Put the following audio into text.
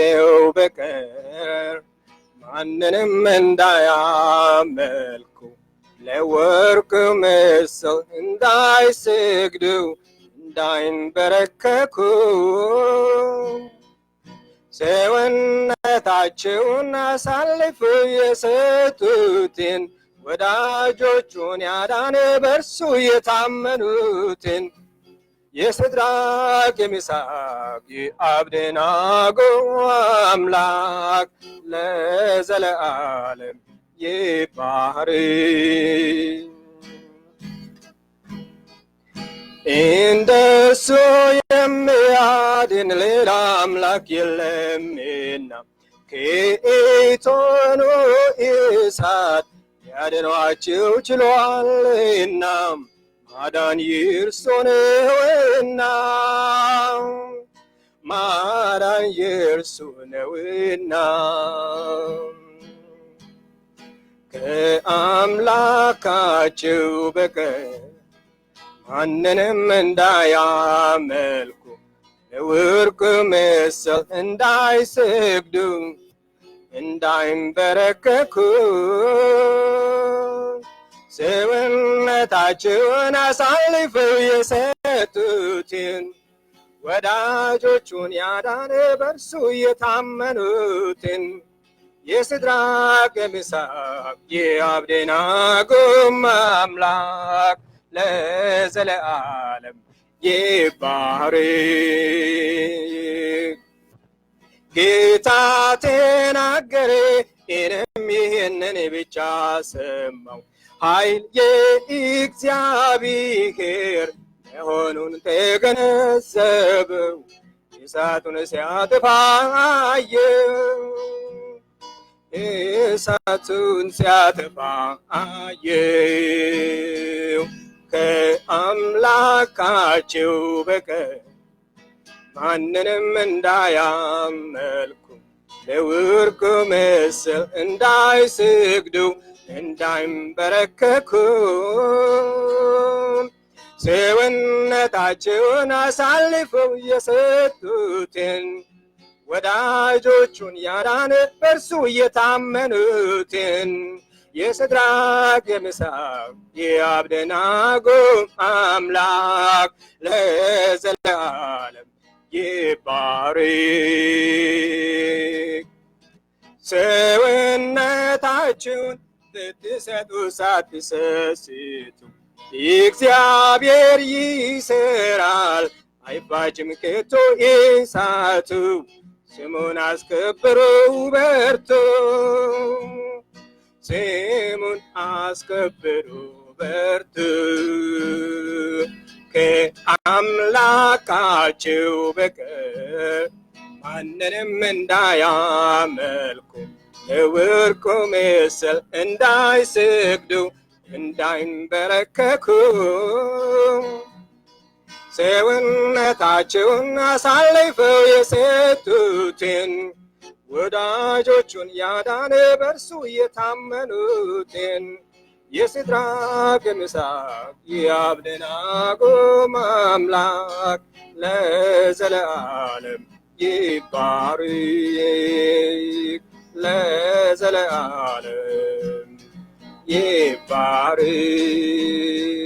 ው በቀር ማንንም እንዳያመልኩ ለወርቅ ምስል እንዳይስግዱ እንዳይንበረከኩ ሰውነታቸውን አሳልፈው የሰጡትን ወዳጆቹን ያዳነ በርሱ የታመኑትን የሲድራቅ የሚሳቅ የአብደናጎ አምላክ ለዘለዓለም ይባር እንደሱ የሚያድን ሌላ አምላክ የለምና ከእቶኑ እሳት ያድኗችሁ ችሏልና ማዳን የእርሱ ማዳን የእርሱ ነውና ከአምላካቸው በቀር ማንንም እንዳያመልኩ ለወርቅ ምስል እንዳይሰግዱ እንዳይንበረከኩ ስውነታቸውን አሳልፈው የሰጡትን ወዳጆቹን ያዳነ በርሱ የታመኑትን የሲድራቅ የሚሳቅ የአብደናጎም አምላክ ለዘለዓለም ይባረክ። ጌታ ተናገረ። ይህንን ብቻ ሰማው ኃይል የእግዚአብሔር የሆኑን ተገነዘበው እሳቱን ሲያጥፋየው እሳቱን አየው ከአምላካቸው በቀር ማንንም እንዳያመልኩ ለወርቁ ምስል እንዳይሰግዱ እንዳይንበረከኩም ሰውነታቸውን አሳልፈው የሰጡትን ወዳጆቹን ያዳነ በእርሱ እየታመኑትን የሰድራቅ የምሳቅ የአብደናጎ አምላክ ለዘላለም ይባረክ። ያላችሁን ልትሰጡ ሳትሰስቱ እግዚአብሔር ይሰራል አይባጅም ከቶ እሳቱ። ስሙን አስከብሩ በርቶ ስሙን አስከብሮ በርቱ። ከአምላካችሁ በቀር ማንንም እንዳያመልኩ ለወርቁ ምስል እንዳይስግዱ እንዳይንበረከኩ ሰውነታቸውን አሳልፈው የሰጡትን ወዳጆቹን ያዳነ በርሱ የታመኑትን የሲድራቅ ሚሳቅ የአብደናጎ አምላክ ለዘለዓለም ይባረክ። ለዘለዓለም ይባረክ።